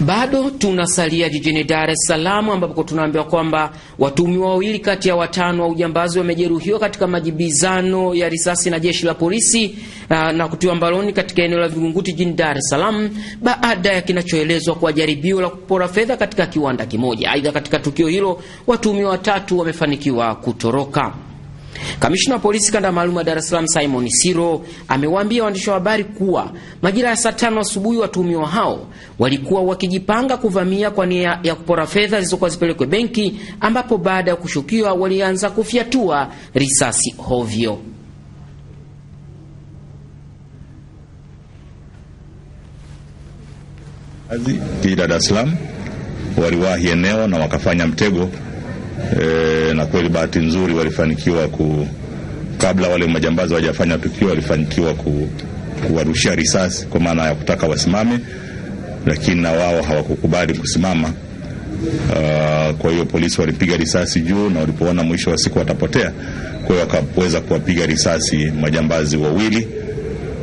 Bado tunasalia jijini Dar es Salaam ambapo tunaambiwa kwamba watuhumiwa wawili kati ya watano wa ujambazi wamejeruhiwa katika majibizano ya risasi na jeshi la polisi na, ah, na kutiwa mbaroni katika eneo la Vingunguti jijini Dar es Salaam baada ya kinachoelezwa kuwa jaribio la kupora fedha katika kiwanda kimoja. Aidha, katika tukio hilo watuhumiwa watatu wamefanikiwa kutoroka. Kamishna wa polisi kanda maalum ya Dar es Salaam Simon Siro amewaambia waandishi wa habari kuwa majira ya saa tano asubuhi watuhumiwa hao walikuwa wakijipanga kuvamia kwa nia ya kupora fedha zilizokuwa zipelekwe benki, ambapo baada ya kushukiwa walianza kufyatua risasi hovyo. Dar es Salaam waliwahi eneo na wakafanya mtego eh Eh, na kweli bahati nzuri walifanikiwa ku, kabla wale majambazi wajafanya tukio walifanikiwa ku, kuwarushia risasi kwa maana ya kutaka wasimame, lakini na wao hawakukubali kusimama. Uh, kwa hiyo polisi walipiga risasi juu na walipoona mwisho wa siku watapotea, kwa hiyo wakaweza kuwapiga risasi majambazi wawili,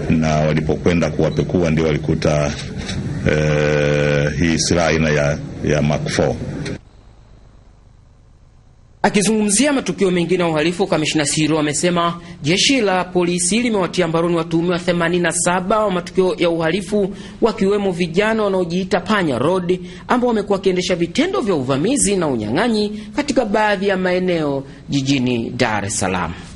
na walipokwenda kuwapekua ndio walikuta uh, hii silaha aina ya, ya Mark 4. Akizungumzia matukio mengine ya uhalifu, kamishna Siro amesema jeshi la polisi limewatia mbaroni watuhumiwa 87 wa matukio ya uhalifu, wakiwemo vijana wanaojiita Panya Road ambao wamekuwa wakiendesha vitendo vya uvamizi na unyang'anyi katika baadhi ya maeneo jijini Dar es Salaam.